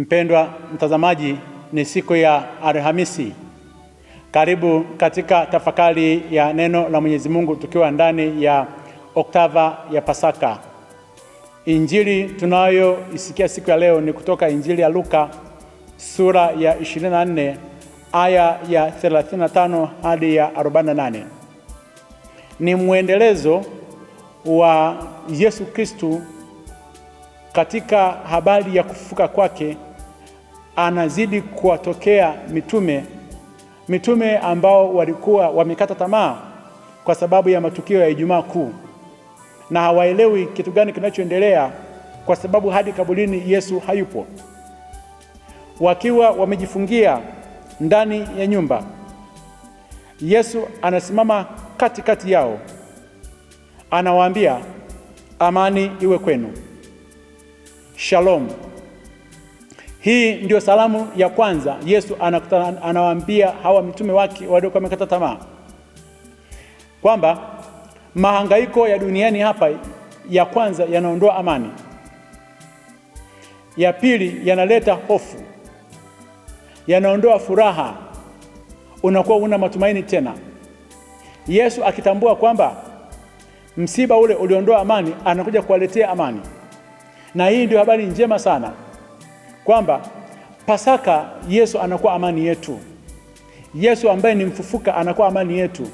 Mpendwa mtazamaji, ni siku ya Alhamisi. Karibu katika tafakari ya neno la Mwenyezi Mungu tukiwa ndani ya oktava ya Pasaka. Injili tunayoisikia siku ya leo ni kutoka Injili ya Luka sura ya 24 aya ya 35 hadi ya 48. Ni mwendelezo wa Yesu Kristu katika habari ya kufufuka kwake anazidi kuwatokea mitume, mitume ambao walikuwa wamekata tamaa kwa sababu ya matukio ya Ijumaa Kuu na hawaelewi kitu gani kinachoendelea, kwa sababu hadi kaburini Yesu hayupo, wakiwa wamejifungia ndani ya nyumba. Yesu anasimama katikati kati yao, anawaambia amani iwe kwenu, shalom. Hii ndio salamu ya kwanza Yesu anawaambia hawa mitume wake waliokuwa wamekata tamaa kwamba mahangaiko ya duniani hapa, ya kwanza yanaondoa amani, ya pili yanaleta hofu, yanaondoa furaha, unakuwa una matumaini tena. Yesu akitambua kwamba msiba ule uliondoa amani, anakuja kuwaletea amani, na hii ndio habari njema sana kwamba Pasaka Yesu anakuwa amani yetu. Yesu ambaye ni mfufuka anakuwa amani yetu.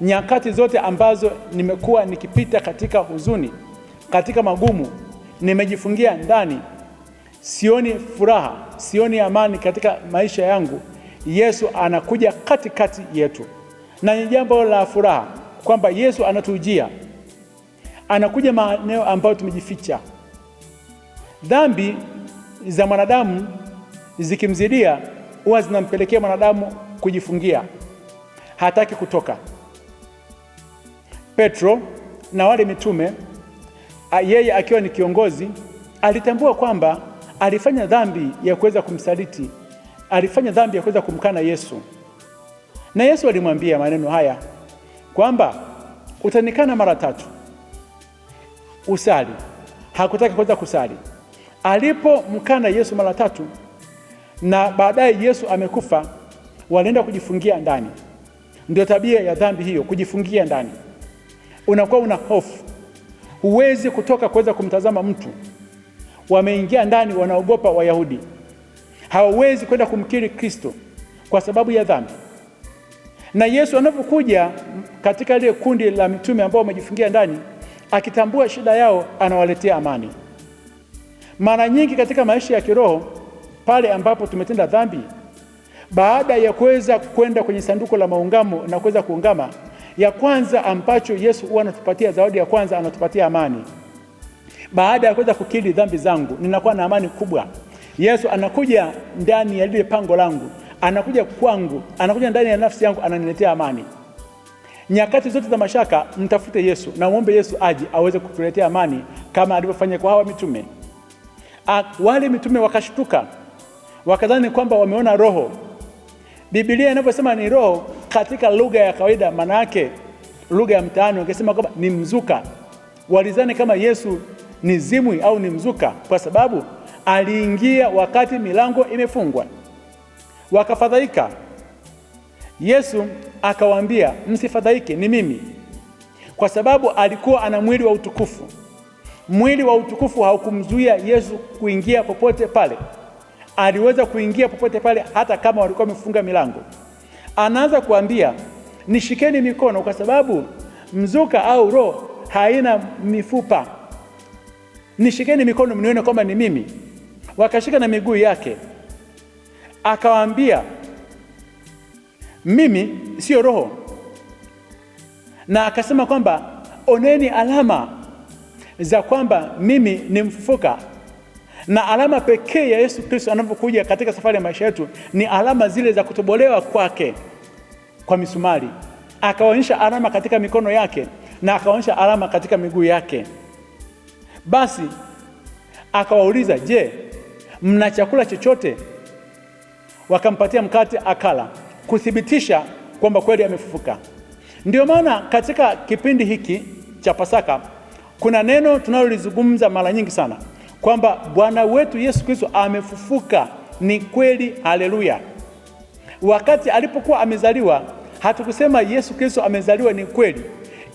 Nyakati zote ambazo nimekuwa nikipita katika huzuni, katika magumu, nimejifungia ndani, sioni furaha, sioni amani katika maisha yangu, Yesu anakuja katikati yetu, na ni jambo la furaha kwamba Yesu anatujia, anakuja maeneo ambayo tumejificha dhambi za mwanadamu zikimzidia huwa zinampelekea mwanadamu kujifungia, hataki kutoka. Petro na wale mitume, yeye akiwa ni kiongozi, alitambua kwamba alifanya dhambi ya kuweza kumsaliti, alifanya dhambi ya kuweza kumkana Yesu, na Yesu alimwambia maneno haya kwamba utanikana mara tatu. Usali, hakutaka kuweza kusali Alipomkana Yesu mara tatu na baadaye Yesu amekufa, walienda kujifungia ndani. Ndio tabia ya dhambi hiyo, kujifungia ndani. Unakuwa una hofu, huwezi kutoka kuweza kumtazama mtu. Wameingia ndani, wanaogopa Wayahudi, hawawezi kwenda kumkiri Kristo kwa sababu ya dhambi. Na Yesu anapokuja katika lile kundi la mitume ambao wamejifungia ndani, akitambua shida yao, anawaletea amani. Mara nyingi katika maisha ya kiroho, pale ambapo tumetenda dhambi, baada ya kuweza kwenda kwenye sanduku la maungamo na kuweza kuungama, ya kwanza ambacho Yesu huwa anatupatia zawadi ya kwanza, anatupatia amani. Baada ya kuweza kukiri dhambi zangu, ninakuwa na amani kubwa. Yesu anakuja ndani ya lile pango langu, anakuja kwangu, anakuja ndani ya nafsi yangu, ananiletea amani. Nyakati zote za mashaka, mtafute Yesu na muombe Yesu aje aweze kutuletea amani kama alivyofanya kwa hawa mitume. Ah, wale mitume wakashtuka, wakadhani kwamba wameona roho. Biblia inavyosema ni roho katika lugha ya kawaida, maana yake lugha ya mtaani wangesema kwamba ni mzuka. Walizani kama Yesu ni zimwi au ni mzuka, kwa sababu aliingia wakati milango imefungwa. Wakafadhaika. Yesu akawaambia, msifadhaike, ni mimi, kwa sababu alikuwa ana mwili wa utukufu. Mwili wa utukufu haukumzuia Yesu kuingia popote pale, aliweza kuingia popote pale, hata kama walikuwa wamefunga milango. Anaanza kuambia nishikeni mikono, kwa sababu mzuka au roho haina mifupa. Nishikeni mikono mnione kwamba ni mimi. Wakashika na miguu yake, akawaambia mimi sio roho, na akasema kwamba oneni alama za kwamba mimi ni mfufuka na alama pekee ya Yesu Kristo anapokuja katika safari ya maisha yetu ni alama zile za kutobolewa kwake kwa misumari. Akaonyesha alama katika mikono yake na akaonyesha alama katika miguu yake. Basi akawauliza, je, mna chakula chochote? Wakampatia mkate akala, kuthibitisha kwamba kweli amefufuka. Ndio maana katika kipindi hiki cha Pasaka kuna neno tunalolizungumza mara nyingi sana kwamba Bwana wetu Yesu Kristo amefufuka. Ni kweli, haleluya. Wakati alipokuwa amezaliwa hatukusema Yesu Kristo amezaliwa, ni kweli,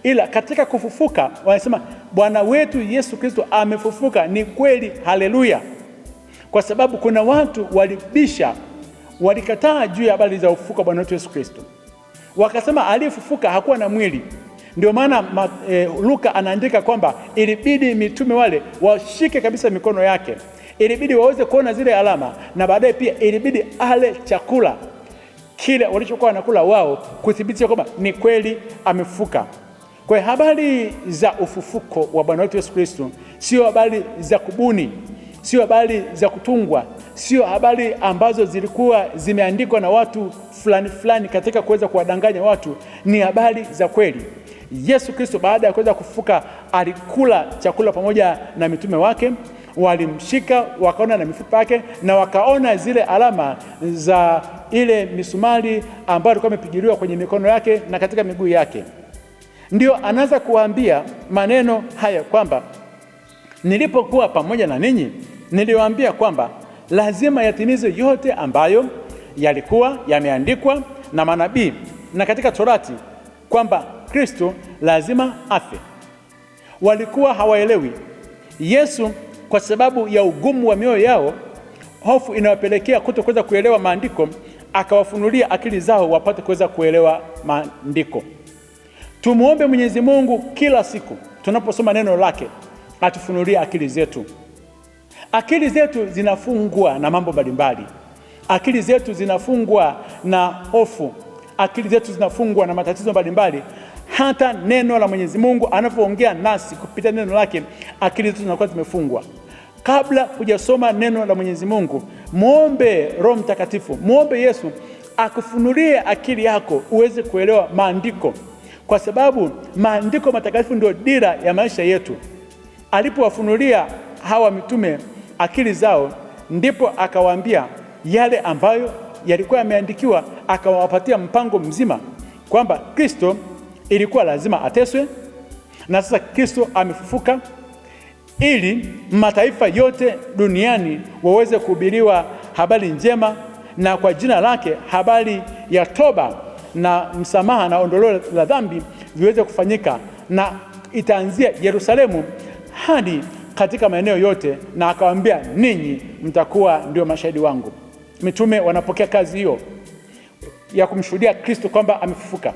ila katika kufufuka wanasema Bwana wetu Yesu Kristo amefufuka, ni kweli, haleluya, kwa sababu kuna watu walibisha, walikataa juu ya habari za ufufuka Bwana wetu Yesu Kristo, wakasema aliyefufuka hakuwa na mwili. Ndio maana e, Luka anaandika kwamba ilibidi mitume wale washike kabisa mikono yake, ilibidi waweze kuona zile alama, na baadaye pia ilibidi ale chakula kile walichokuwa wanakula wao kuthibitisha kwamba ni kweli amefufuka. Kwa habari za ufufuko wa Bwana wetu Yesu Kristo sio habari za kubuni sio habari za kutungwa, sio habari ambazo zilikuwa zimeandikwa na watu fulani fulani katika kuweza kuwadanganya watu, ni habari za kweli. Yesu Kristo baada ya kuweza kufuka alikula chakula pamoja na mitume wake, walimshika wakaona na mifupa yake na wakaona zile alama za ile misumari ambayo alikuwa amepigiliwa kwenye mikono yake na katika miguu yake. Ndio anaanza kuwaambia maneno haya kwamba nilipokuwa pamoja na ninyi niliwaambia kwamba lazima yatimize yote ambayo yalikuwa yameandikwa na manabii na katika Torati kwamba Kristo lazima afe. Walikuwa hawaelewi Yesu kwa sababu ya ugumu wa mioyo yao, hofu inawapelekea kutokuweza kuelewa maandiko, akawafunulia akili zao wapate kuweza kuelewa maandiko. Tumwombe Mwenyezi Mungu kila siku tunaposoma neno lake, atufunulie akili zetu. Akili zetu zinafungwa na mambo mbalimbali. Akili zetu zinafungwa na hofu, akili zetu zinafungwa na matatizo mbalimbali. Hata neno la Mwenyezi Mungu anapoongea nasi kupitia neno lake, akili zetu zinakuwa zimefungwa. Kabla hujasoma neno la Mwenyezi Mungu, mwombe Roho Mtakatifu, mwombe Yesu akufunulie akili yako uweze kuelewa maandiko, kwa sababu maandiko matakatifu ndio dira ya maisha yetu. Alipowafunulia hawa mitume akili zao, ndipo akawaambia yale ambayo yalikuwa yameandikiwa, akawapatia mpango mzima kwamba Kristo ilikuwa lazima ateswe na sasa Kristo amefufuka ili mataifa yote duniani waweze kuhubiriwa habari njema, na kwa jina lake habari ya toba na msamaha na ondoleo la dhambi viweze kufanyika, na itaanzia Yerusalemu hadi katika maeneo yote, na akawaambia ninyi mtakuwa ndio mashahidi wangu. Mitume wanapokea kazi hiyo ya kumshuhudia Kristo kwamba amefufuka,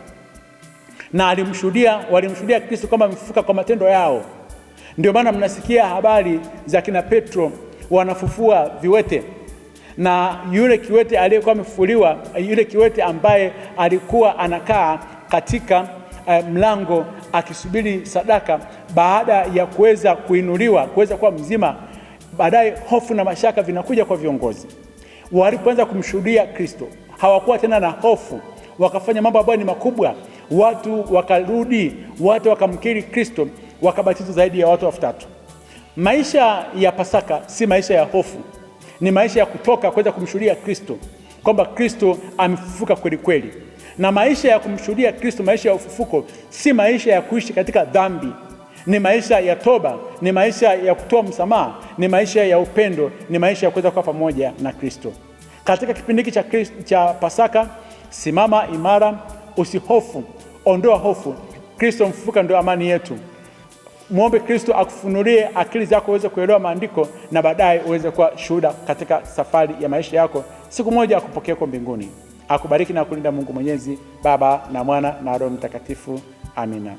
na alimshuhudia, walimshuhudia Kristo kwamba amefufuka kwa matendo yao. Ndio maana mnasikia habari za kina Petro wanafufua viwete na yule kiwete aliyekuwa amefufuliwa, yule kiwete ambaye alikuwa anakaa katika eh, mlango akisubiri sadaka, baada ya kuweza kuinuliwa, kuweza kuwa mzima, baadaye hofu na mashaka vinakuja kwa viongozi. Walipoanza kumshuhudia Kristo hawakuwa tena na hofu, wakafanya mambo ambayo ni makubwa. Watu wakarudi, watu wakamkiri Kristo, wakabatizwa zaidi ya watu elfu tatu. Maisha ya Pasaka si maisha ya hofu, ni maisha ya kutoka kuweza kumshuhudia Kristo kwamba Kristo amefufuka kweli kweli, na maisha ya kumshuhudia Kristo, maisha ya ufufuko, si maisha ya kuishi katika dhambi ni maisha ya toba, ni maisha ya kutoa msamaha, ni maisha ya upendo, ni maisha ya kuweza kuwa pamoja na Kristo. Katika kipindi hiki cha, cha Pasaka, simama imara, usihofu, ondoa hofu. Kristo mfufuka ndio amani yetu. Mwombe Kristo akufunulie akili zako uweze kuelewa maandiko na baadaye uweze kuwa shuhuda katika safari ya maisha yako. Siku moja akupokea huko mbinguni. Akubariki na kulinda Mungu Mwenyezi, Baba na Mwana na Roho Mtakatifu. Amina.